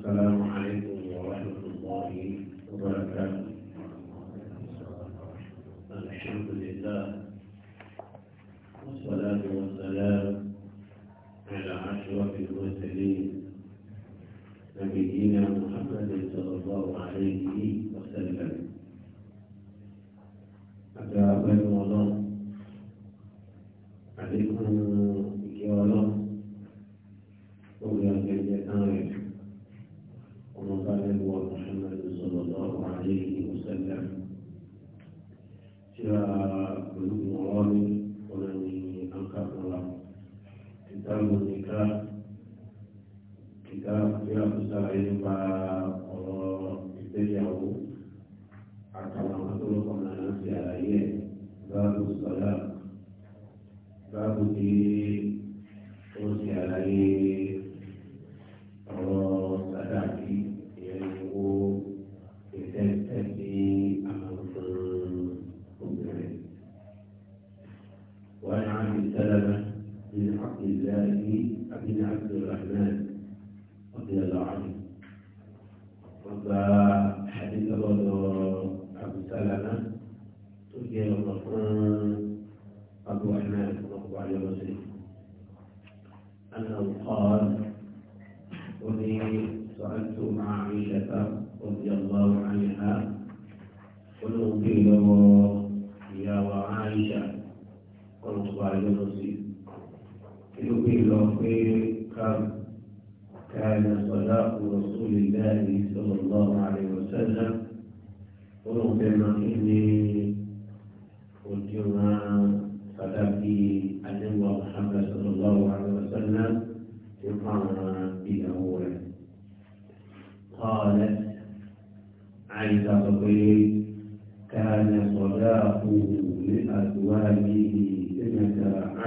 السلام عليكم ورحمة الله وبركاته الحمد لله والصلاة والسلام على أشرف المرسلين نبينا محمد صلى الله عليه وسلم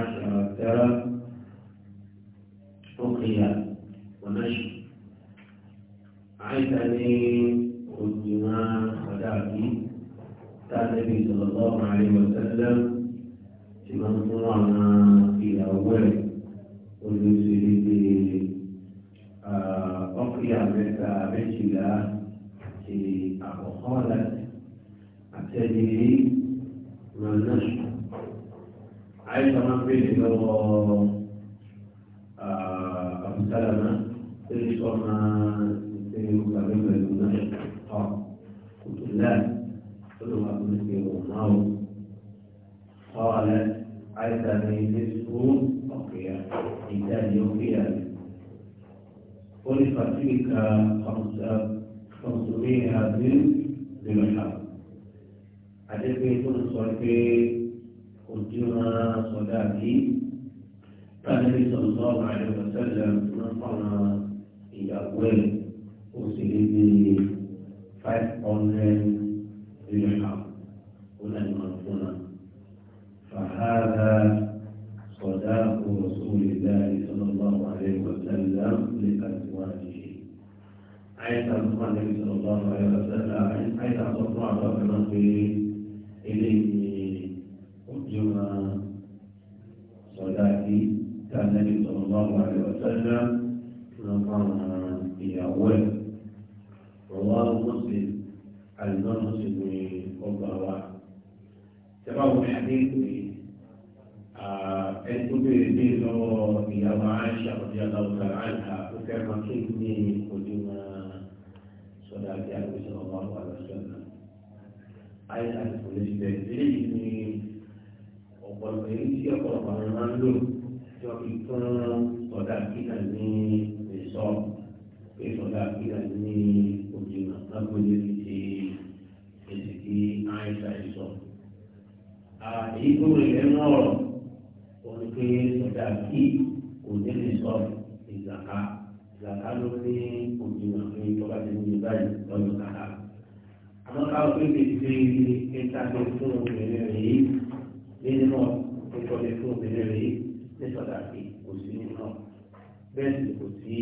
عشرة تلك خمس خمس مئة من المحاضر عجب يكون صلبي قدما صلاتي كان النبي صلى الله عليه وسلم نصرنا إلى أول أرسلني فات قومين للحق ولن يمرضنا فهذا صداق رسول الله حيث أمر النبي صلى الله عليه وسلم حيث أمر بعض المنظر إليه أجمع صلاتي كان النبي صلى الله عليه وسلم نظرنا في أول رواه مسلم الإمام مسلم قبل تبعوا الحديث ẹni tó béèrè bí lọ́wọ́ ìyàwó aṣa ọ̀dí aláwọ̀ta àìsà ó fẹ́ máa kí sọ́dọ̀ àti àgbẹ̀sọ̀ ọmọ àwọn àlọ́sọ̀nà àìsàn àtìkò lè ṣe eléyìí ni ọ̀pọ̀lọpọ̀ èyí tí ọ̀pọ̀lọpọ̀ àwọn máa ń lò tí wọ́n fi fún sọ́dọ̀ àkínà ní ìsọ́ pé sọ́dọ̀ àkínà ní òjìnà lágbóyè ti èsì kí àìsàn ìsọ. èyí tó rẹ̀ lẹ́nu ọ̀rọ̀ òun pé sọ́dọ̀ àkí kò ní ìsọ̀rọ̀. la tablo meni, koum jiman meni, tou la teni mweni vaj, nou yon la tablo. Anan ka wakil pekise, enkate koum meneri, meni nou, enkate koum meneri, meni nou la teni, kousi, besi kousi,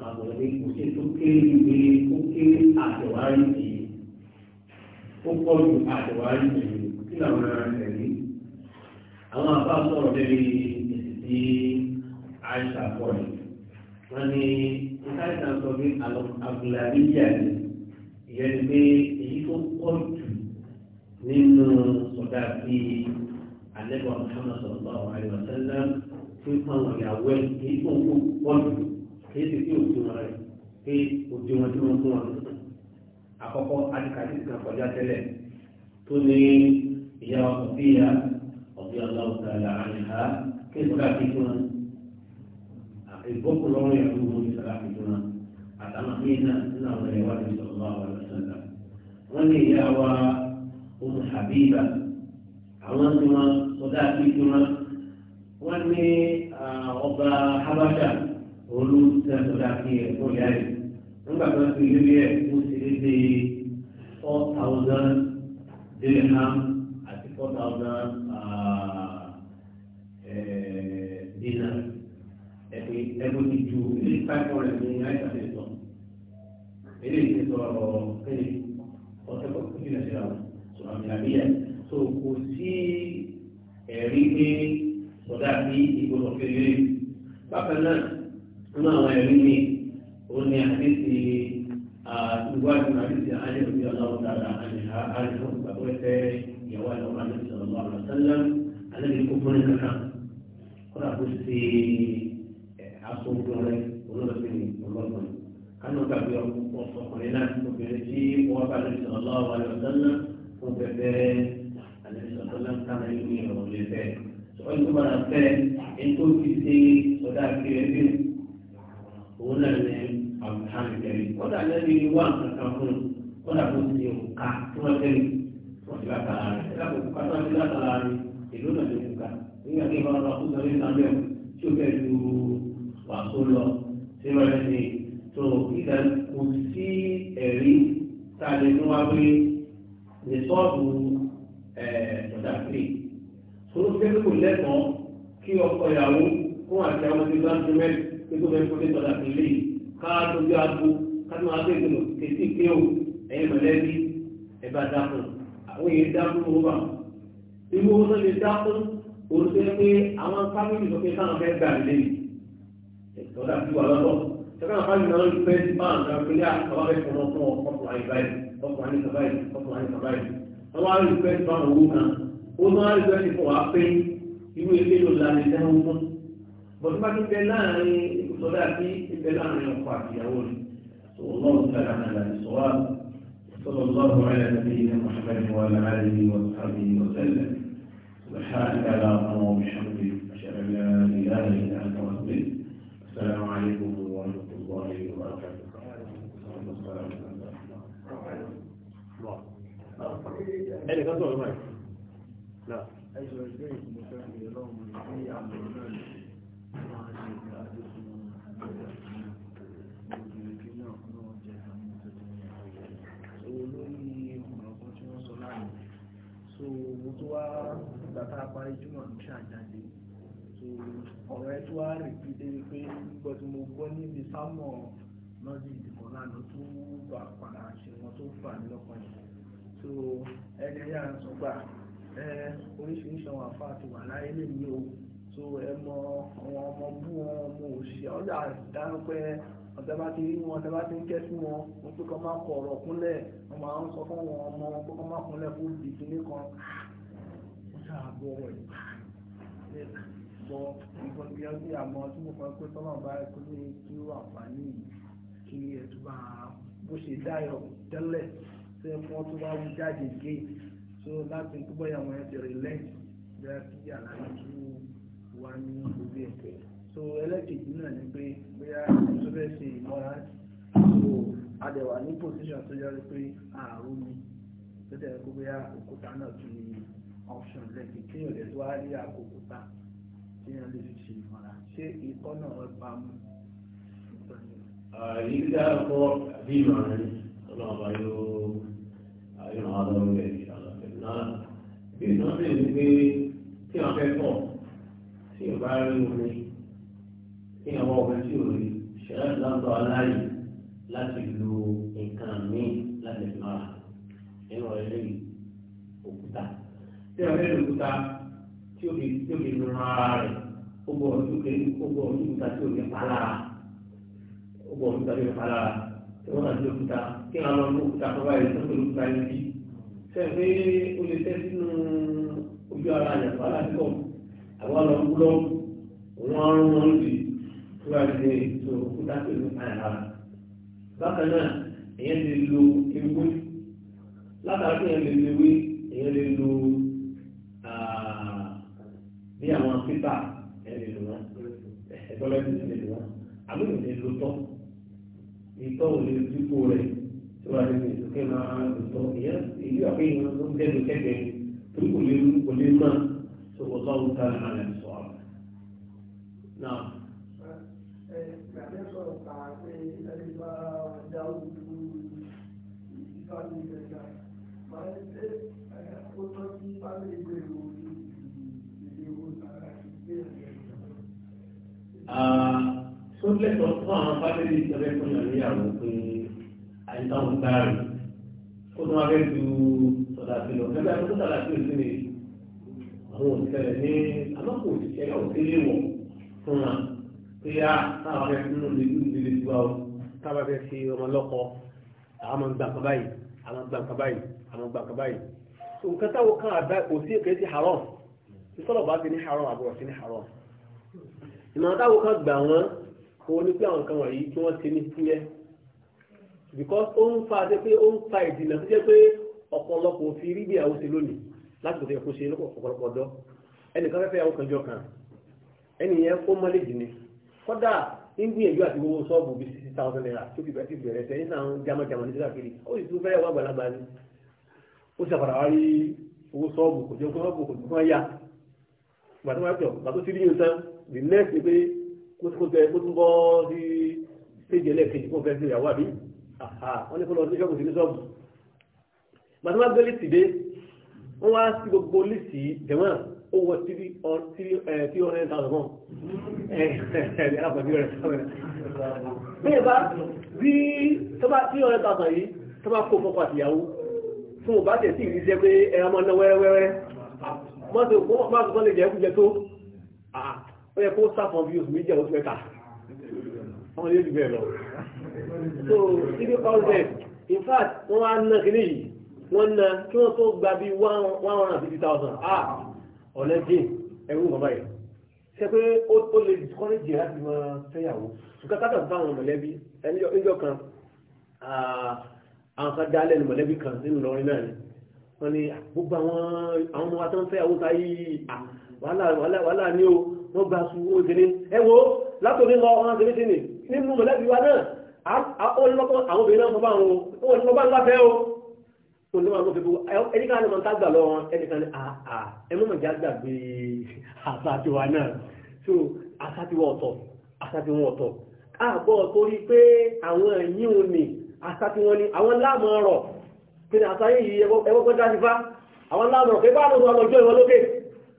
anan koum meni, kousi, souke, ouke, ajo waj, pou koum, ajo waj, pou koum, ajo waj, anan koum meni, anan koum meni, enkate koum meni, wọn ni ìtajà sọ pé àgùlàríyà ni ìyẹn ni pé èyí tó pọ̀ jù nínú ọ̀dà bí alẹ́bọ̀ Muhammad sallallahu alaihi wasallam tó ń pọn ìyàwó ẹ̀ èyí tó ń kó pọ̀ jù èyí sì kí òjò wọn rẹ̀ pé òjò wọn tí wọ́n fún wọn àkọ́kọ́ adìkàdì kan kọjá tẹ́lẹ̀ tó ní ìyá ọkọ̀ bíyà ọ̀bí ọlọ́ọ̀tà làánì ha kí ìgbókù lọ́wọ́ yẹn ló wọ́n ìsàlá àfihàn àtàwọn míín náà nínú àwọn ẹ̀wà ní sọ̀rọ̀ àwọn ọ̀sán wọn lè yá wa ohun Habiba àwọn tí wọn sọdá sí tí wọn wọn ní ọba Habasha olú tẹ sọdá sí ẹ̀kọ́ ìyá rẹ̀ nígbà tó ń fi ìlú yẹ kó ṣe é dé four thousand dirham àti four thousand. ẹnu ti ju eléyìí pàtó rẹ ní àìsàn ìsọ eléyìí ti sọ ọ̀rọ̀ kéde ọ̀sẹ̀ kọ fún ìrìnàjò àwọn sọ̀rọ̀ àmì àbíyẹ tó kò sí ẹ̀rí pé sọdá sí ìgbọdọ kéde bákan náà nínú àwọn ẹ̀rí mi ó ní àdéhìí ìwádìí àdéhìí àdéhìí ọjọ́ aláwọ̀ dáadáa àdéhìí àdéhìí ọgbà wẹsẹ ìyàwó àlọ àdéhìí sọ̀rọ̀ àlọ sẹlẹm àdéhìí olóòfin ọlọ́gbọ̀n kánú tàbí ọkùnrin náà obìnrin tí wọ́n bá lè sọ̀rọ̀ lọ́wọ́ wa lọ sọ́nà fún pẹpẹ àlẹ́sọ̀tọ́lá kánú ìlú ìrọ̀rùn lè fẹ́ wọ́n tún padà fẹ́ ẹni tó fi ṣe ọ̀dà kiri ẹbí òun náà ní àbùhàn ìjẹ̀rì kọ́dà lẹ́nu ìwà wá pé rìsọ́ọ̀tù ẹ̀ẹ́dọ̀dàkiri olùfẹ́ kò lẹ́tọ̀ọ́ kí ọkọ ìyàwó fún àti àwọn tí bá ń tún mẹ́rin pé tó fẹ́ fún ní dọ̀dàkiri lẹ́yìn káàdó bí aago káàdó aago ìgbìmọ̀ kèsì pé o ẹ̀yin mọ̀lẹ́bí ẹ̀ bá dákun àwọn èèyàn dákun owó bá irú owó náà lè dákun olùfẹ́ pé àwọn fámìlì sọ pé káwọn fẹ́ gbà lẹ́yìn ẹ̀dọ̀dàkiri wà lọ́tọ̀ sọ́kàn fọ́pọ̀ àníkà báyìí fọ́pọ̀ àníkà báyìí ọwọ́ àwọn olùkọ́ ẹ̀sìn fáwọn owó kan ó máa ń gbẹ́ ẹ̀sìn fún wa pé irú ilé ló la lè dáhùn mọ́ bọ̀dé bá ti bẹ láàrin ìkùsọ̀dá àti ìbẹ láàrin ọkọ àtìyàwó rẹ̀ sọlọ́ọ̀lù tààrà àlà ìṣọ́wá sọlọ́ọ̀lù àlà ìṣẹ́yìn mọ̀ṣẹ́fẹ́ wà láàrin wàtàbí wàtẹ́lẹ̀ سبحانك اللهم وبحمدك أشهد أن لا إله إلا أنت أستغفرك السلام عليكم ورحمة الله وبركاته ẹnì kan sọ̀rọ̀ mọ́ ẹ̀ náà. ẹjọ́ ìgbé ìgbìmọ̀ fẹ́ mi lọ́wọ́ ní àwọn ọ̀nà máa ṣe ìgbàdé fún òbí náà náà jẹ́ àwọn ìṣẹ̀lẹ̀ ìyàwó olórí ọ̀rọ̀ kan tí wọ́n sọ láàyè so mo tó wá bàtà parí jùmọ̀ ní ṣàjáde so ọ̀rọ̀ ẹ tó wá rèébi débi pé gbọ́ tí mo gbọ́ níbi sámọ̀ lọ́dún ìdìbò lánàá tó bá padà ṣe wọn tó fà ní lọ́kàn yìí tó ẹni yà ń sọ gbà ẹ oríṣiríṣi àwọn àfa àti wà láyé lè o tó ẹ mọ àwọn ọmọ bú wọn ọmọ òṣìṣẹ́ ọjà dáná pé ọ̀tẹ́ bá ti rí wọn ọ̀tẹ́ bá ti ń kẹ́ sí wọn wọn pé kọ́ máa kọ ọ̀rọ̀ kúnlẹ̀ wọn máa ń sọ fún wọn ọmọ wọn pé kọ́ máa kúnlẹ̀ fún ìdílé kan ó ṣàbọ̀ ẹ̀ bọ nǹkan bí ọdún àmọ́ tí mo kàn pé tọ́lá bá ẹkú ní kí ó àǹfààní kí ẹ̀tún bá bó ṣe dáyọ̀ tẹ́lẹ̀ tó yẹ fún tó bá wù jáde gé tó láti kú bọ́yà wọn ti relent bẹ́ẹ̀ kí àlàyé tó wà ní orí ẹ̀fẹ́ tó ẹlẹ́kejì náà ni pé bóyá tó fẹ́ ṣe ìmọ̀ra tó adẹ̀wà ní position tó yọrí pé ààrùn mi tó tẹ̀lé kó bóyá òkúta náà tún ní option lẹ́kì tí yóò lè tó wá rí àkókúta tí yóò lè ṣe ìmọ̀ra ṣé ikọ́ náà bá mú. Àyíká kọ́ bí màá rí ọlọ́run bá yóò àyọ̀nà ọlọ́run rẹ̀ ṣàlàyé náà bí ìtàn sì ń gbé tí wọ́n fẹ́ pọ̀ tí wọ́n bá rí omi tí wọ́n wọ́n fẹ́ tí ò rí ṣẹlẹ̀ lọ́dọ̀ aláyè láti lo nǹkan míì láti máa nínú ẹlẹ́ òkúta tí wọ́n fẹ́ lo òkúta tí ó fi tí ó fi nu ara rẹ̀ ó gbọ́ ọdún kẹ́lí ó gbọ́ ọdún òkúta tí ó fi pa lára ó gbọ́ ọdún òkúta tí ó fi pa lára wọ́n náà ló kúta kí wọ́n lọ ló kúta tó báyìí tó pẹ̀lú kúta yẹn bí. sẹ́fẹ́ o lè tẹ́ sínú ojú ara àyàfọ́ aláàbíkọ̀ àwọn lọ kú lọ wọ́n á rún wọn lùdì tó bá ti tó kúta pẹ̀lú àyàfọ́. bákan náà èèyàn lè lo ewé látara èèyàn lè lo ewé èèyàn lè lo bí àwọn pépà èèyàn lè lo wọn ẹ̀ẹ́dọ́lẹ́dì lè lo wọn àbúrò lè lo tọ́ ìtọ́ òde dípò rẹ̀ tí wàá lè sókè máa lòtọ́ ìyá èyí àfihàn ìwọ̀n tó ń tẹ́lu tó lẹ́tọ̀ọ́ fún àwọn fábílì ìtọ́lẹ́ fún ìyàwó pé àyíkáwọn gbáàrì kó tó wáá fẹ́ ju sọ̀dàbí lọ ẹgbẹ́ àti sọ̀dàbí ò sí ni àwọn òṣìṣẹ́ ní alọ́kùn òṣìṣẹ́ yóò ti lé wọ̀ fún wa pé a táwọn fẹ́ fún un lójú ìdílé ju wa o táwọn fẹ́ fi ọmọ lọ́kọ àwọn máa ń gbà kábàyì àwọn gbà kábàyì àwọn gbà kábàyì nǹkan táwọn kan àbá kò sí èkejì haram ìsọ̀rọ̀ bá ti ní haram àbúrò sí ní haram ìmọ̀ táwọn kan gbà wọ́n òun ni pé àwọn nǹkan wọ̀nyí tí wọ́n ti ní fúyẹ́ because ó ń fa àti pé ó ń fa ìdìnnà tó jẹ́ pé ọ̀pọ̀lọpọ̀ fi rí bí àwọn ṣe lónìí láti kò tó yẹ kó ṣe lọ́pọ̀lọpọ̀ dọ́ ẹnìkan fẹ́fẹ́ àwọn kan jọ kan ẹnìyẹn ó mọ́lé jì ni kódà ń gbìyànjú àti owó sọ́ọ̀bù bíi sixty thousand naira tó fi bẹ̀rẹ̀ ti bẹ̀rẹ̀ tẹ̀ nígbà àwọn jamajama ní sílá kiri ó sì tún fẹ́rẹ̀ wá gbàlagbà ni ó ṣàfàrà wá rí owó sọ́ọ̀bù kò jẹ́ kó sọ́ọ̀bù kò tún fún ẹ̀yà gbàtọ́ wá sí rí yóò the next ni kó tó bẹ kó tó bọ́ sí stéjì ẹlẹ́ẹ̀kejì kó fẹ́ sí ìyàwó àbí wọ́n ní kó lọ sí ṣọ́ọ̀bù sí ní ṣọ́ọ̀bù màtí wọ́n gbé lìsì dé wọ́n wá sí gbogbo lìsì jẹ̀mọ́ ó wọ tírí uh, uh, tí ó rẹ̀ tààtọ̀ kan bẹ́ẹ̀ bá bí tọ́bá tí ó rẹ̀ tààtọ̀ yìí tọ́bá kó fọ́kọ̀ àtìyàwó fún ọba tẹ̀ sí ìrísẹ́ pé ẹran mọ́ náà wẹ́rẹ́wẹ́rẹ́ mọ́tò kọ́ lè jẹ́ kújẹ tó ó yẹ kó sáfọn bí oṣù méjì àwọn oṣù mẹ́ta àwọn ilé lọ so three thousand in fact wọ́n á ná kíní yìí wọ́n ná kí wọ́n tó gba bí one hundred and fifty thousand ah ọ̀lẹ́dín ẹ̀rú bàbá yìí ṣe pé ó lè discourage láti mọ fẹ́yàwó nǹkan kákà fún àwọn mọ̀lẹ́bí ẹni ọjọ́ kan ah, àwọn kan dálẹ̀ ní mọ̀lẹ́bí kan nínú lọ́rin náà ni wọ́n ní ah, gbogbo àwọn ọmọ wa tó ń fẹ́ àwọn ta yìí ah, wàhálà ní o wọ́n gba su owó ìdílé ẹ wo látòrí lọ ọ̀hún àti méjì nì nínú mọ̀lẹ́bí wa náà ó lọ́kọ́ àwọn obìnrin náà fọ́bá wọn ó wọ́n fọ́bá ńlá fẹ́ o tó ní wọn ló fi bu ẹni ká ní mọ̀ ń tágbà lọ wọn ẹni ká ní àà ẹ mọ̀ mọ̀ já gbàgbé àṣà tiwa náà so àṣà tiwa ọ̀tọ̀ àṣà tiwa ọ̀tọ̀ àbọ̀ torí pé àwọn ẹ̀yìn òní àṣà tiwọn ni àwọn láàmú ọ̀rọ̀ pé àṣà yìí ẹwọ́ gbọ́dá ti fa àwọn láàmú ọ̀rọ̀ pé bá lọ́dọ̀ ọlọ́jọ́ ìwọ lókè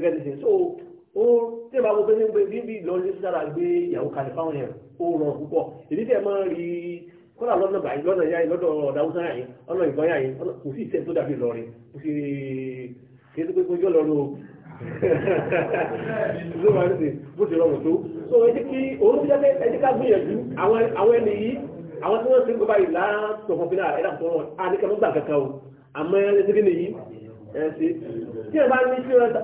gẹ́gẹ́ bí so, ó tí ìbá gbogbo ní gbé bí lọ sí sára gbé ìyàwó kalẹ̀ fáwọn yẹn ó rọ púpọ̀ èdè tẹ̀ máa rí kọ́là lọ́nà báyìí lọ́nà yáyìí lọ́dọ̀ ọ̀dàwùsá yáyìí ọ̀nà ìbọn yáyìí kò sí ìṣẹ́ tó dàbí lọ́rin kò sí kí ẹ tó pé kó yọ lọ́rùn so ẹ jẹ́ kí òun ti jẹ́ ẹ jẹ́ ká gbìyànjú àwọn ẹni yìí àwọn tí wọ́n ti ń gbọ́ báyìí látọ̀kọ̀ fún náà ẹ̀dá tó rọrùn àníkà mọ́gbà kankan o àmọ́ ẹ ẹ̀sìn tí ẹ bá ní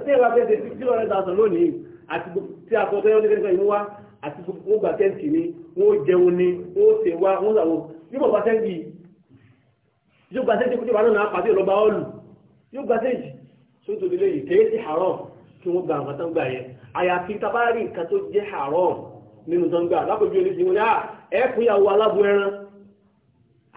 tí ẹ bá fẹ́ ṣe tí ọ̀rẹ́ dàtọ̀ lónìí àti tí a kọ́ tẹ́lẹ̀ nígbà yìí wá àti wọ́n gba tẹ́ǹtì ni wọ́n jẹun ni wọ́n ṣe wá wọ́n ṣàwọ́ yóò gba tẹ́ǹtì yóò gba tẹ́ǹtì kújọba náà pàdé ìlọba ọ̀lù yóò gba tẹ́ǹtì tó gba nǹkan tó ń gbà yẹn àyàfi tabari nǹkan tó nínú tó ń gbà lápòjú ẹni tí ní ah, ìyàwó alábò ẹran ah,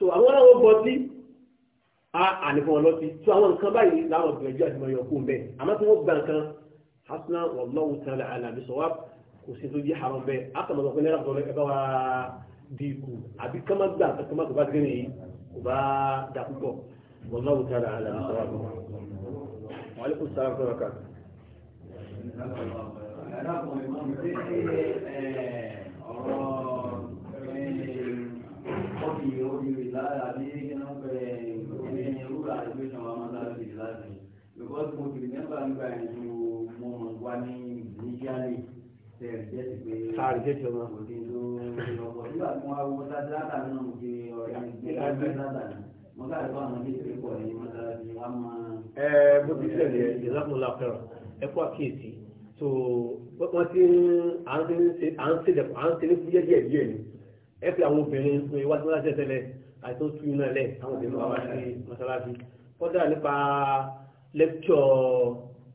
so àwọn làwọn bọtí a ànífọ̀n ọlọ́tí so àwọn nǹkan báyìí làwọn gbìyànjú àti mọ̀yọ́ kó bẹ́ẹ̀ àmọ́ tí wọ́n gba nǹkan hasna wallahu ta'ala àlàbí sọ wá kò sí tó yí haram bẹ́ẹ̀ àtàmọ̀tò pé náírà tọ́lọ́ ẹ bá wa di ikú àbí kama gbà kama kò bá gé nìyí kò bá dà púpọ̀ wallahu ta'ala àlàbí sọ wá bọ̀ wọ́n alẹ́ kò sára fún ọkà. ọ̀rọ̀ ti orí lára bí iná pẹ̀ ẹni rúra ìgbésàn wa máa láti láti because mo ti nígbà nígbà ìlú mo mọ̀ wá ní níjàlè tẹ̀ jẹ́ ti pé kò sí lọ́pọ̀ nígbà tí wọ́n á wọ sáté látàrí náà mo ti ọ̀rẹ́ mi gbé láti látàrí mo káàdì fún àwọn méjì pọ̀ ní mọ́tàlásí wa máa. ẹ bó ti ṣẹlẹ̀ ìlàkùnlá fẹ́ràn ẹ kó àkíyèsí so wọ́n ti ń à ń ṣe à ń ṣe à ní ẹ fi àwọn obìnrin pé wá sí mọ́sáṣẹ́ tẹ́lẹ̀ àìtó tú iná lẹ̀ àwọn obìnrin máa wá sí mọ́sáláṣí kọ́dà nípa lẹ́kṣọ̀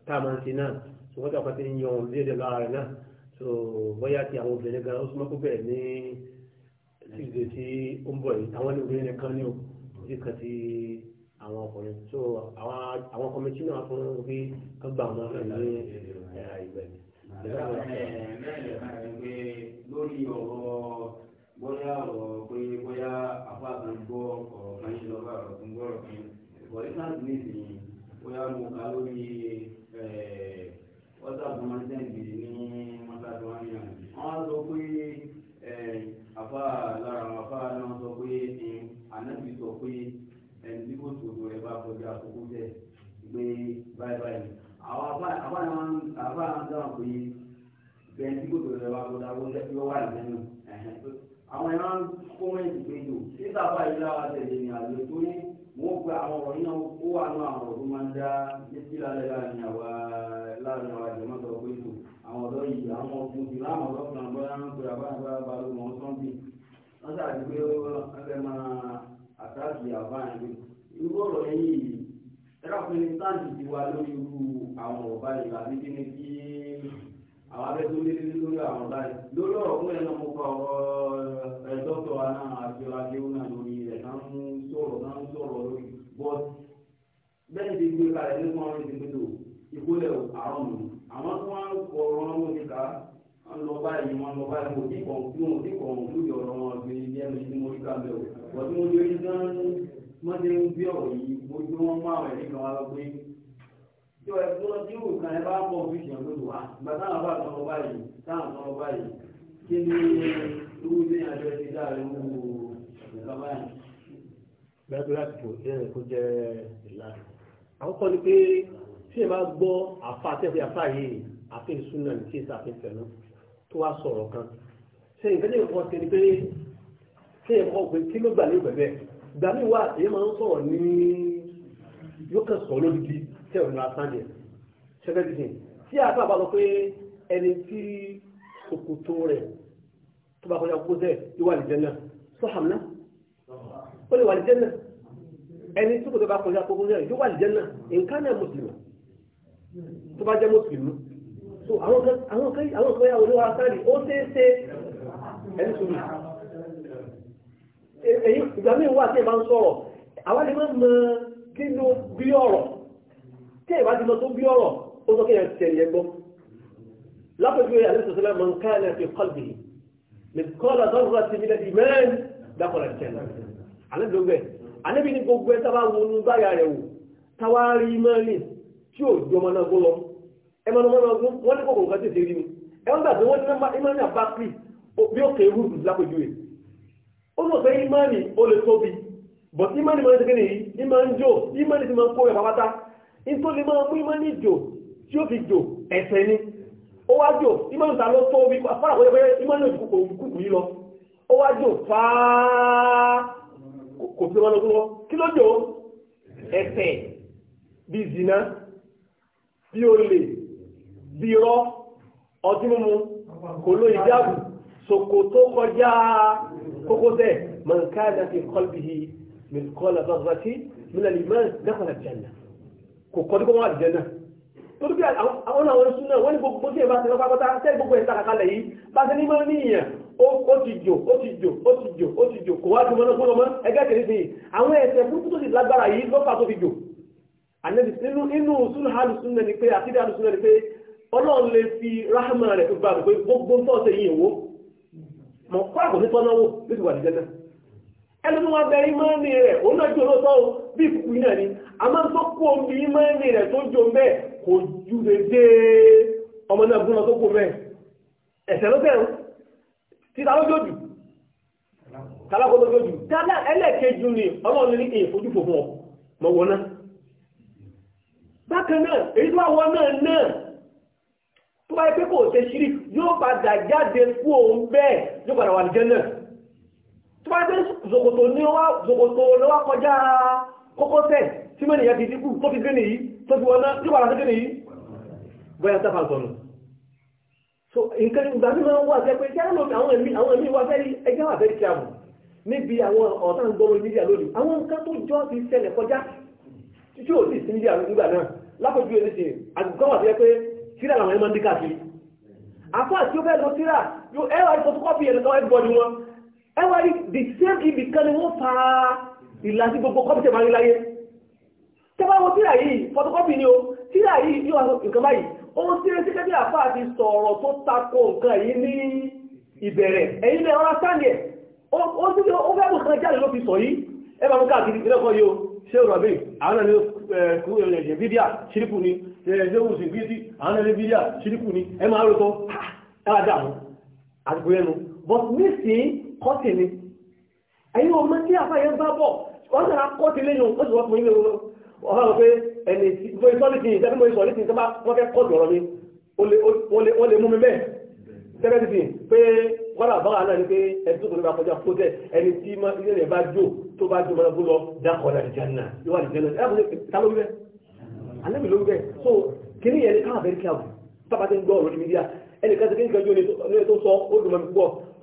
táàmùtì náà tó wọ́n tàbí ń yan léde lára rẹ̀ náà tó bóyá ti àwọn obìnrin gan ó súnmọ́ púpẹ̀ ní tíìdè tí ó ń bọ̀ yìí àwọn obìnrin nìkan ní òkè kan ti àwọn ọkùnrin tó àwọn kọmitì náà fún bí kán gba àwọn ọkùnrin ní eh, ìgbẹ́ bóyá ọ̀rọ̀ pé bóyá apá kan gbọ́ ọ̀rọ̀ kan yín lọ́wọ́ ọ̀rọ̀ kan gbọ́ ọ̀rọ̀ kan yín for instance nísìnyí bóyá mo kà lórí eh, whatsapp máa ní mọ́tàdé wọn ní àná sọ pé apá eh, lára àwọn apá náà sọ pé ànábì sọ pé ẹni tí kò rẹ bá kọjá àkókò gbé báyìí báyìí àwọn apá náà dáhùn pé bẹ́ẹ̀ tí kò rẹ bá kọjá àkókò àwọn ẹran kọ́mẹ́ǹtì pé yòó títà bá yìí lára tẹ̀lé ní àlọ́ tó ní mo gba àwọn ọ̀rọ̀ yìí náà ó wà nù àwọn ọ̀rọ̀ tó máa ń dá létí lálẹ́ láàrin àwa láàrin àwa ìjọba sọ pé tó àwọn ọ̀dọ́ yìí àwọn ọkùnrin láwọn ọ̀dọ́ kan bọ́ yára ń pè àbáyọ̀bá balùwẹ̀ wọn sọ́ńdì wọ́n ṣàdí pé ó fẹ́ máa àtàkì àbáyọ̀bá irú ọ̀rọ̀ yìí àwọn abẹ́tó lé lórí àwọn báyìí lórí ọ̀rọ̀ fún ẹ̀nà mo kọ ọ̀rọ̀ ẹ̀dọ́tọ̀ aná àti ọ̀làdéwò náà lórí rẹ̀ náà ń sọ̀rọ̀ náà ń sọ̀rọ̀ lórí bọ́t bẹ́ẹ̀ ti gbé kalẹ̀ ní fún ọ̀rìn ìdìbò ìkólẹ̀ àrùn mi àmọ́ tí wọ́n ń kọ ọ̀rọ̀ wọn ní ká wọ́n lọ báyìí wọ́n lọ báyìí kò tí kàn fún òun tí kàn fún ìyọ̀ ọ̀rọ̀ wọn gbé ní ẹnu tí mo rí ká bẹ̀ wọ́n tí mo rí gan-an mọ́tẹ́ ń bí ọ̀rọ̀ yìí mo gbé wọn mọ́ àwọn ẹ̀rí kan wá lọ pé tí wọ́n ti lọ sí ìwò kan ẹ bá ń bọ̀ fún ìṣẹ̀lú wa ìgbà táwọn bá tọrọ báyìí táwọn tọrọ báyìí kí ni irú ilé àjọ ti dá rẹ mú ìjọba báyìí. bẹ́ẹ̀ bí láti fò ṣe é kó jẹ́ ìlànà àwọn kọ́ ni pé tí ẹ bá gbọ́ àfa àtẹ́fẹ́ àfa yìí àfin súnà ní kí ẹ̀sà àfin fẹ̀nà tó wá sọ̀rọ̀ kan ṣe nǹkan tí ìfọ́ ṣe ni pé ṣe ìfọ́ pé kí ló gbà ní ìgbẹ̀bẹ̀ gbà mí wà èyí máa ń sọ̀rọ̀ ní yóò kàn sọ̀rọ̀ lódìdí tẹ́ ò ní asáǹdẹ̀ ṣẹ́gẹ́dìdìn tí a sábà lọ pé ẹni tí ṣòkòtò rẹ̀ tó bá kọjá kóṣẹ́ yóò wà ní jẹ́nà sọ́hàm náà ó lè wà ní jẹ́nà ẹni tí kò tó bá kọjá kóṣẹ́ yóò wà ní jẹ́nà nǹkan náà mùsùlùmí tó bá jẹ́ mùsùlùmí so àwọn kan yà wọlé wa sáàdì ó ṣeé ṣe ẹni sùúrù èyí ìgbà míì wà tí ẹ máa ń sọ̀rọ̀ àwa lè má mọ kí ló bí ọ̀rọ̀ tí ìbá ti lọ tó bí ọ̀rọ̀ ó sọ kéèyàn ti ẹ̀yẹ gbọ́ lápẹjú ẹ̀ àti sọ̀tẹ́lá mọ̀ nǹkan ẹ̀ fi kọ́lbì lè kọ́lá tó rọ̀ ti nílẹ̀ ìmẹ́rin dákọ̀lá ti tẹ̀lé alẹ́ ló bẹ̀ alẹ́ bí ní gbogbo ẹ tábà wo inú báyà rẹ̀ wò táwa rí mẹ́rin tí ò ju ọmọ náà gbó lọ ẹ máa lọ́mọ náà wọ́n ní kòkò nǹkan tètè rí mi ẹ wọ́n gbà pé wọ́n ní ìmọ̀ni àbákì bí ó kéré rúdù lápẹjú ẹ̀ ó mọ̀ pé ìmọ̀ni ó lè tóbi bọ̀ ìmọ̀ni máa ń ṣe kí nítorí máa mú ìmọ̀ ní jò tí ó fi jò ẹ̀sẹ̀ ni ó wá jò ìmọ̀ níta ló tó omi fọ́nà wọ́n yẹ ìmọ̀ ní òjò kùkù yìí lọ ó wá jò fáá kò fi wọn lọ́wọ́ kí ló jò ẹ̀sẹ̀ bí zina kò kọ́ ní kó wọ́n àdìjẹ́ náà torí pé àwọn àwọn ẹ̀sùn náà wọ́n ní gbogbo tí ìbá ti lọ pápátá tẹ́ gbogbo ẹ̀ta kàkalẹ̀ ka bá ti ní mọ́ ní ìyàn ó ti jò ó ti jò ó ti jò ó ti jò kò wá ju mọ́nà fún ọmọ ẹgbẹ́ kìí ti fi sunu ni gbogbo ẹlùmí wọn bẹ̀rẹ̀ ìmọ̀ẹ́ni rẹ̀ òun náà jòrò sọ́wọ́ bí ìkùkù iná ni a máa ń tó kó omi ìmọ̀ẹ́ni rẹ̀ tó jò mẹ́ kò ju dédé ọmọ náà gúnlọ tó kó mẹ́ ẹ̀sẹ̀ ló bẹ̀rù títa ló jòjù kálákó ló jòjù kálá ẹlẹ́ẹ̀kejì ni ọlọ́run ní ìfojúfò fún ọ mọ̀ wọ́n náà bákan náà èyí tó wọ́n náà náà tó bá yẹ pé kò ṣe ṣírí yóò padà jáde fún òun bẹ́ẹ̀ yóò padà wà ní bá dé zòkòtò ní wá zòkòtò lọ́wọ́ kọjá kókósẹ̀ tí mẹ́rin yẹn ti dínkù tó fi gbé nìyí tó fi wọná tí wàrà tó gbé nìyí bóyá sáfà sọnù so nǹkan ìgbà tí wọ́n wà sẹ́pẹ́ tí àwọn ẹ̀mí àwọn ẹ̀mí wà fẹ́rí ẹjẹ́ wà fẹ́rí kíàmù níbi àwọn ọ̀tá ń gbọ́ mídíà lónìí àwọn nǹkan tó jọ ti ṣẹlẹ̀ kọjá tí ò sì sí mídíà nígbà náà lápòjú ẹni sì àgùkọ́ wà fẹ́ tíra làwọn ẹ̀mọ́ ń dí àfọ́ àti ó fẹ́ lọ tíra yóò ẹ̀rọ àti fotokọ́pì ẹ̀ ẹwà rí the same ibi kan ni wọ́n fa ìlà sí gbogbo kọ́pítẹ̀ máa ń láyé tẹ́bá wo tíra yìí photocopy ni o tíra yìí yóò wá nǹkan báyìí ohun tí ẹsẹ̀ kẹ́bí àfa àti sọ̀rọ̀ tó tako nǹkan yìí ní ìbẹ̀rẹ̀ ẹ̀yìn lẹ́ ọ̀rá sáńdẹ̀ ó sì ó fẹ́ mú kan jáde ló fi sọ yìí ẹ bá mú káàkiri ìpínlẹ̀ kan yìí o ṣé o rọ̀bì àwọn ẹni kú ẹ̀jẹ̀ bídíà ṣírípù ni ṣé o sì bídí àwọn ẹni bídíà ṣírípù ni ẹ máa rò tán ẹ bá kọ́tì ni ẹ̀yin ọmọ tí àfàyẹ bá bọ̀ wọ́n nana kọ́tì lẹ́yìn oṣù wọ́n fún yín lóru ọ̀hán lọ pé ẹni mo sọ ní tìyìn tẹ́lẹ̀ mo sọ ní tìyìn tẹ́lẹ̀ wọ́n fẹ́ kọ́tì ọ̀rọ̀ mi wọ́n lè mú mi bẹ́ẹ̀ tẹ́lẹ̀ ti tìyìn pé kọ́lá bọ́lá náà ni pé ẹni tó kò ní bá kọjá kó tẹ̀ ẹni tí ilé rẹ̀ bá jó tó bá jó mọ́nà bó lọ dákọ̀ náà ìjánná ìwà ìjánná ẹ̀ ẹnìkan ti kí n kan jó ní ètò sọ ó dùn mọ́ mi púpọ̀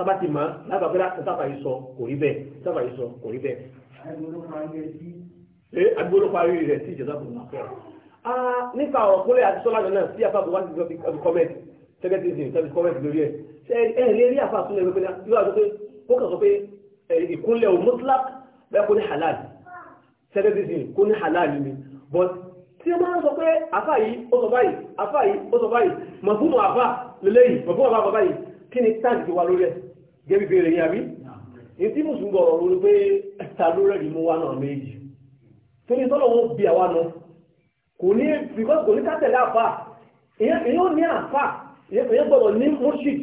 sábà ti mọ̀ lábàbẹ́lá sábà yìí sọ kò rí bẹ́ẹ̀ sábà yìí sọ kò rí bẹ́ẹ̀. agbóró parí rẹ̀ sí ìjọba kò wá fẹ́ nípa ọ̀rọ̀ kólé àti sọ́lá náà sí àfà bó wá sí ìjọba kọ́mẹ́ntì sẹ́kẹ́tìrì sẹ́kẹ́tìrì kọ́mẹ́ntì lórí ẹ̀ ṣe ẹ̀ lè rí àfà súnlẹ̀ pé yóò wá sọ pé ó kàn sọ pé ìkúnlẹ̀ ò mutlak bẹ́ẹ̀ kó ní halal sẹ́kẹ́tìrì halal ni but tí ó máa ń sọ pé àfà yìí ó sọ báyìí àfà yìí ó sọ báyìí mọ̀fúnmọ̀ àfà lélẹ́yìí mọ̀fúnmọ̀ àfà báyìí kí ni táàgì ti lórí ẹ̀ gẹ́bí bèèrè ya mí ètí mùsùlùmí ọ̀rọ̀ lórí pé ta ló rẹ̀ mú wa náà méjì torí tọ́lọ̀ wọn bí àwa náà kò ní because kò ní ká àfà ní murshid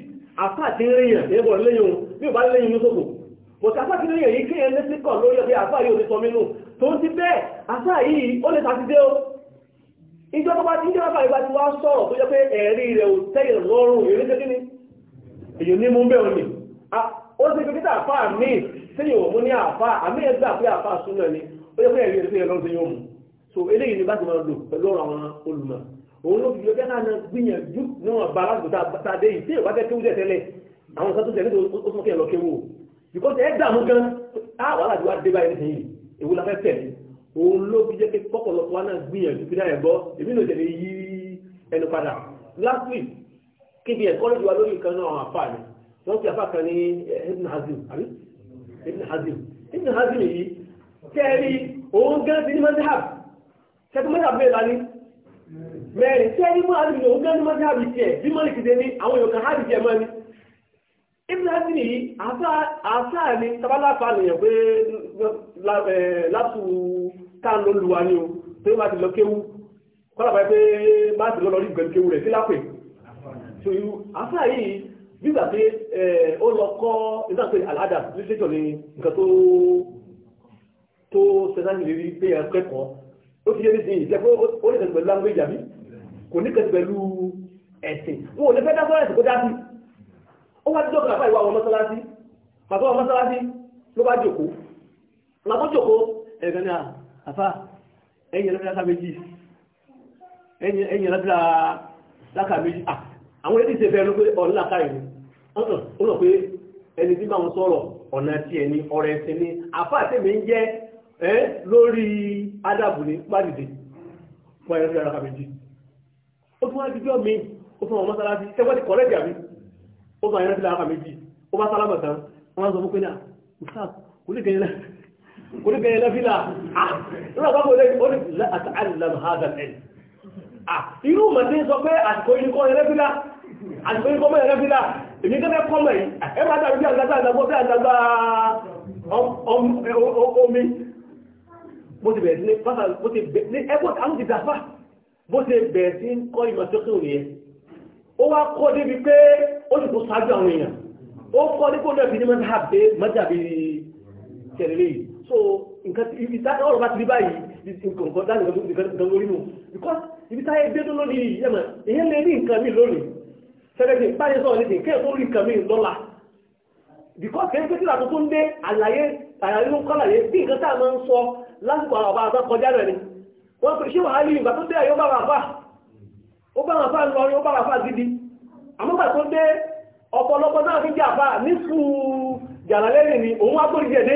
àfà gbọ́dọ̀ lẹ́yìn o bí ò bá lẹ́yìn inú sókò bò tí àfà ti ríyàn yìí kéèyàn lé sí lórí àfà yìí ò ní sọ tó ń ti bẹ́ẹ̀ àfà yìí ó lè ìjọ tó bá ti ń jẹ́ sọ̀rọ̀ Ah, ó ti fi títà àfá mi tí yóò mú ní àfá àmì ẹgbẹ́ àfẹ́ àfá súnà ni ó yẹ fún ẹ̀rí ẹ̀rí ẹ̀rọ tó yóò mú so eléyìí ni bá ti máa lò pẹ̀lú ọ̀rọ̀ àwọn olùmọ̀ òun ló fi yọ kẹ́kẹ́ náà gbìyànjú níwọ̀n bá alágbòtà tàdé yìí tí yóò bá fẹ́ kéwú tẹ̀tẹ̀lẹ̀ àwọn sọ́tún tẹ̀lé tó sọ́kẹ́ lọ kéwú because ẹ dààmú gan á wàhálà tí wàá dé báyìí nìyí èwo la fẹ́ tẹ̀lé òun ló fi yẹ kí pọ́pọ̀lọpọ̀ wa náà gbìyànjú fi náà ẹ̀bọ́ èmi ló tẹ̀lé yí ẹnu padà last week kí ni ẹ̀kọ́ lójú wa lórí ìkan náà àwọn àfáà ni wọ́n ti àfáàkàn ní eh, Ibn Hazim àbí Ibn Hazim Ibn Hazim yìí kẹ́ẹ̀rí òun gán sí ní mazhab ṣẹ́kọ́ mazhab bẹ́ẹ̀ lání mẹ́rin kẹ́ẹ̀rí mọ́ Hazim òun gán ní mazhab tiẹ̀ bí mọ́lì kìdé ní àwọn èèyàn kan hábì tiẹ̀ mọ́ ni Ibn Hazim yìí àáfàá ni tabaláfà lèèyàn pé eh, lápù táà ló lu wa ni o tó bá ti lọ kéwú kọ́lá báyìí pé má ti lọ lọ rí ìgbẹ̀lú kéwú rẹ̀ sí lápè nígbà pé ó lọ kọ́ ìdáǹpé àládà lítẹ́jọ́ ní nǹkan tó tó sẹ́sáàmì lè rí pé ẹ kẹ́kọ̀ọ́ ó fi yé ní sin ìjẹ́ pé ó lè tẹ̀sí pẹ̀lú language àbí kò ní kẹsì pẹ̀lú ẹ̀sìn wọn ò lè fẹ́ dá fọ́rẹ́sì kó dá sí ó wá dídọ́kọ̀ àpá ìwà àwọn mọ́sálásí bàbá àwọn mọ́sálásí ló bá jòkó làbó jòkó ẹ̀gán ní ah, àfà ẹ̀yìn ẹ̀rọ lákà méjì ẹ̀yìn ẹ̀rọ lákà méjì ah, àwọn ẹ̀dí ìṣẹ̀fẹ́ ẹ̀rọ pé ọ̀lá káyìí ó lọ pé ẹni tí bá wọn sọ̀rọ̀ ọ̀nà tí ẹni ọ̀rẹ́ ẹ̀sìn ni àfa àtẹ̀mí ń jẹ́ ẹ́ lórí ádàbò ní pàdìdì wọ́n yẹn lórí ara kàméjì ó tún wá ti jọ́ mi ó fún ọmọ mọ́sálásí tẹ́wọ́ ti kọ́lẹ́jì àbí ó fún àyẹ̀rẹ́ sílẹ̀ ara kàméjì ó bá sálámà tán wọ́n sọ fún pé náà kò ní gẹ̀yẹ́ lẹ́fílà nígbà tó kò lè àtàlàm hádà ẹ̀ irú èmi gẹ́gẹ́ kọ́mọ̀ yìí ẹ máa dàbí àgbàgbà àgbàgbà bí àgbàgbà omi bó ti bẹ̀rẹ̀ sí ní pásà bó ti bẹ̀rẹ̀ ní ẹgbọ́n àwọn ti dàfà bó ti bẹ̀rẹ̀ sí ń kọ́ ìmọ̀ tó kírun yẹn ó wá kọ́ débi pé ó sì kó ṣáájú àwọn èèyàn ó kọ́ ní kó náà fi ní mọ́tà bẹ́ mọ́tà bí tẹ̀lé yìí so nǹkan ibi tá ọ̀rọ̀ bá ti rí báyìí nǹkan dání nǹkan lórí nù because ibi tá ẹgbẹ́ tó lónìí yẹn mọ̀ èèyàn lè rí nǹkan mi lónìí sẹ́lẹ̀kì báyé sọ̀rọ̀ nìdí kí èso rí nǹkan mi lọ́la because kẹ́yìn pẹ́tìlá tuntun dé àlàyé àyàrí ló ń kọ́láyé bí nǹkan tá a máa ń sọ lásìkò àwọn ọba àbá kọjá rẹ̀ ni wọ́n pè ṣé wàhálì ìgbà tó dé àyè ó bá wà fà ó bá wà fà ń lọrin ó bá wà fà gidi àmọ́ gbà tó dé ọ̀pọ̀lọpọ̀ náà fi jẹ́ àfà ní fúù jàlálẹ́rìn ni òun wá gbórí jẹ́ dé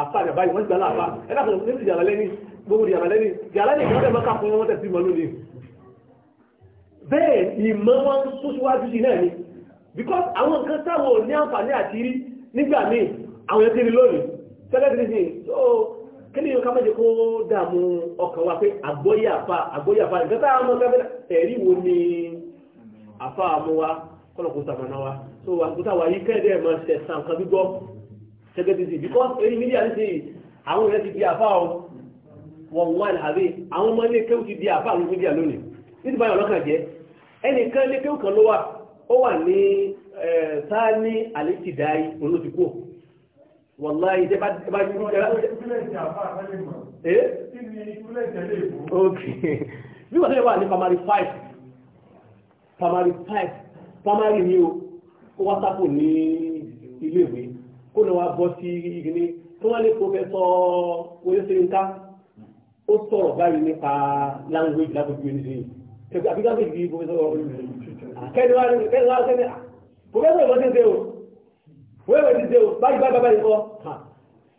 àfà àjàbá yìí wọ́n ti gbà láàfà ẹ̀dá bẹ́ẹ̀ ìmọ̀ wọn tó síwájú sí náà ni because àwọn nǹkan táwọn ò ní àǹfààní àti rí nígbà míì àwọn ẹ̀kẹ́ ni lónìí tẹ́lẹ̀tìrìsìn so kí ni ká mẹ́jẹ kó dààmú ọkàn wa pé àgbóyàfà àgbóyàfà ìgbẹ́ta àwọn ọmọ ẹ̀rí wo ni àfà àmú wa kọ́lọ̀kù sàmànà wa so àgbóta wa yìí kẹ́ẹ̀dẹ́ mọ́ ṣẹ̀ sàn kan gbígbọ́ tẹ́lẹ̀tìrìsìn because eré mídíà ní sí àwọn ìrẹ́ ti di àfà ọ wọn wà láàbí àwọn ọmọ ilé kẹ́wù ti di àfà ẹnìkan ní kéwù kan ló wà ó wà ní sáání àlékìdáyì olóṣìkò wàláyé tẹ́ bá bá yúrú ẹ. bí wọ́n tẹ́lẹ̀ wà ní primary five primary five primary ni o kó wá sápò ní iléèwé kó lọ wá bọ́ sí ìgbìní tó wọ́n lè pòfẹ́sọ̀ oyè sèǹkà ó sọ̀rọ̀ báyìí nípa language lágbègbè nìyí tẹ̀kọ́ àbí káfíìsì kì í gómìnà ọ̀rọ̀ kẹ́ni wá ní kẹ́ni wá sẹ́ni pòfẹ́sọ̀ ìwọ́n ti ń ṣe o wẹ́wẹ́ ti ṣe o báyìí báyìí báyìí kọ́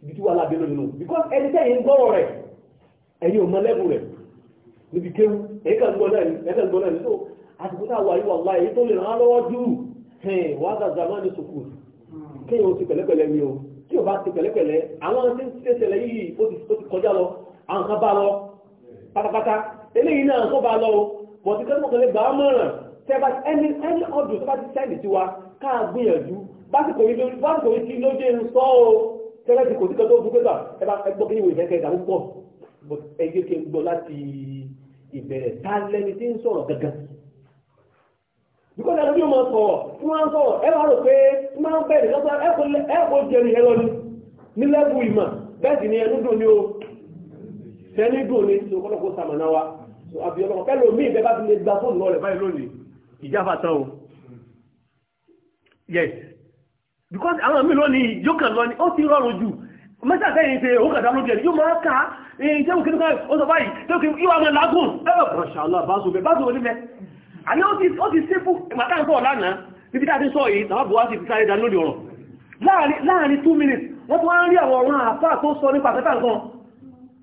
ibi tí wà lábẹ́ lónìí nù because ẹni tẹ́yìn gbọ́rọ̀ rẹ̀ ẹ̀yin ò mọ lẹ́bù rẹ̀ níbi kéwù èyí kan gbọ́ náà èyí kan gbọ́ náà nítorí àsìkò tá a wà yìí wà láyé tó lè ràn án lọ́wọ́ jù wàá gà zàmá ní sùkù kéèyàn ó ti pẹ̀lẹ́pẹ̀lẹ́ mi o tí o bá ti pẹ̀lẹ́pẹ̀lẹ́ àwọn tí ń ṣẹṣẹlẹ̀ yìí ó ti kọjá lọ àwọn kan bá lọ pátápátá eléyìí náà kó bá lọ o bọ̀ ti kẹ́lẹ́mọ̀ kẹ́lẹ́ gbà á mọ̀ràn tẹ́ bá ẹni ẹni ọdún tó bá ti sẹ́ẹ̀lì sí káà gbìyànjú tí lóde ń sọ o tẹ́lẹ̀ ti kò sí kẹ́tọ́ fún pẹ́tà ẹ bá ẹgbọ́ kí ni ìwé ìfẹ́kẹ́ ìdààmú pọ̀ ẹ jẹ́ kí n gbọ́ tí tí tí àbí ọlọ́run kẹ́lò mí ìfẹ́ bá ti lè gba fóònù lọ́rẹ̀ báyìí lónìí ìjáfa tán o yes because àwọn míì lónìí yóò kàn lọ ni ó ti rọrùn jù mẹ́ta sẹ́yìn ṣe òun kàdá lóbi ẹ̀rí yóò máa ká ẹ̀yìn tẹ́wọ̀n kìnnìkan ó sọ báyìí tẹ́wọ̀n kìnnìkan yóò máa lágùn ẹ̀rọ bọ̀ṣàlá báṣọ bẹ báṣọ wọlé bẹ àní ó ti sẹ́fù màkà ń sọ lánàá níbi tá a ti sọ yìí tàbá buhari ti two minutes wọ́n tún wá ń rí àwọn ọ̀run àfáà tó sọ nípa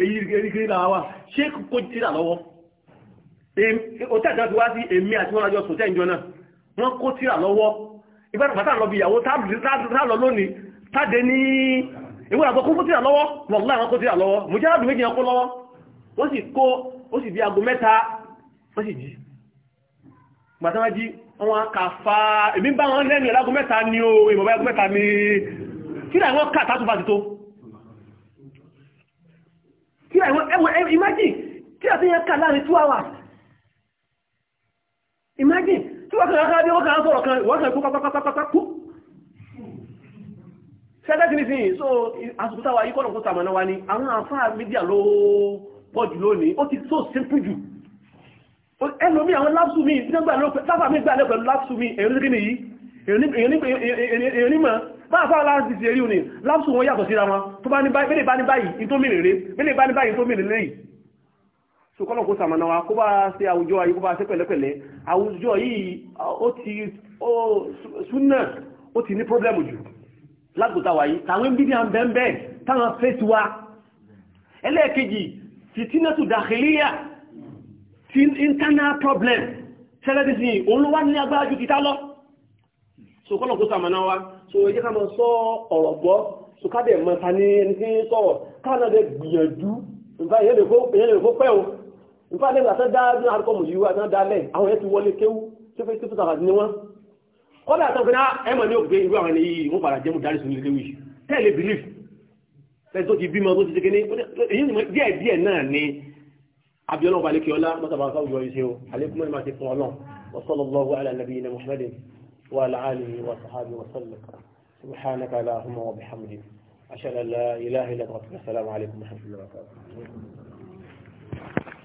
èyí erigiri là wà ṣé kò jí lọ́wọ́ òtẹ́ ti wá sí èmi àti wọn àjọ sòtẹ́ ìjọ náà wọ́n kó tíra lọ́wọ́ ìgbàdàn pàtàkì lọ bí ìyàwó tá lọ lónìí táde ní ìwé àgbọ̀ kó tíra lọ́wọ́ wọ̀nlá àwọn kó tíra lọ́wọ́ mo jẹ́ àdùn méjì yẹn kó lọ́wọ́ ó sì kó di aago mẹ́ta ó sì jí gbàtà wọn jí wọn kà ni o ìmọ̀ bá aago mẹ́ta ni tíra wọn kà tátùbà ti tíra ẹ̀wọ̀n imagine tíra tí yẹn kà láàrin two hours imagine tí wọ́n kàn kàn bí wọ́n kàn sọ̀rọ̀ kan wọ́n kàn kú pápápápápá kú sẹ́gẹ́tì ní sìn so àsùkútà wa ikọ́nà kó tàmà náà wa ni àwọn àfáà mídíà ló pọ̀ jù lónìí ó ti so simple jù ẹlòmí àwọn lápsù mi nígbà lọ́pẹ̀ sáfà mi gbà lẹ́pẹ̀lú lápsù mi èrò ní kí ni yìí èrò ní mọ̀ bá fà láti ti erí òní lápsù wọn yàtọ̀ síra wọn tó bá ní báyìí tó mìnrin rẹ̀ bẹ́lẹ̀ bá ní báyìí tó mìnrin lẹ́yìn so kọ́lọ̀ kó sàmànà wa kó bá ṣe àwùjọ ayé kó bá ṣe pẹ̀lẹ́pẹ̀lẹ́ àwùjọ yìí ó ti súnà ó ti ní pọ́blẹ́mù jù lágbòta wáyé tàwọn bíbí à ń bẹ́ ń problem tẹ́lẹ́dìsìn òun ló wá ní agbára ju títà lọ so kọ́lọ̀ kó sàmànà wa so ẹjẹ́ ká mọ́ sọ ọ̀rọ̀ gbọ́ so ká dẹ̀ mọ́ ta ní ẹni tí ń sọ̀rọ̀ ká náà dẹ̀ gbìyànjú nǹkan ìyẹn lè kó pẹ́ o nǹkan àdé àti dá ní àkọ́mù yìí àti dá lẹ̀ àwọn yẹn ti wọlé kéwú tó fẹ́ tó sàkàtì ní wọn kọ́dà tó fi ná ẹmọ ní òkè irú àwọn èyí wọn padà jẹ́ mú darí sínú ilé ni abiyọ́nà ọba lẹ́kẹ́ ọlá mọ́tàbà fáwọn ìwọ̀ ìṣe o alẹ́kùnmọ́ ni máa ti fún ọlọ́ وصلى الله على نبينا محمد وعلى آله وصحابه وسلم سبحانك اللهم وبحمدك أشهد أن لا إله إلا أنت السلام عليكم ورحمة الله وبركاته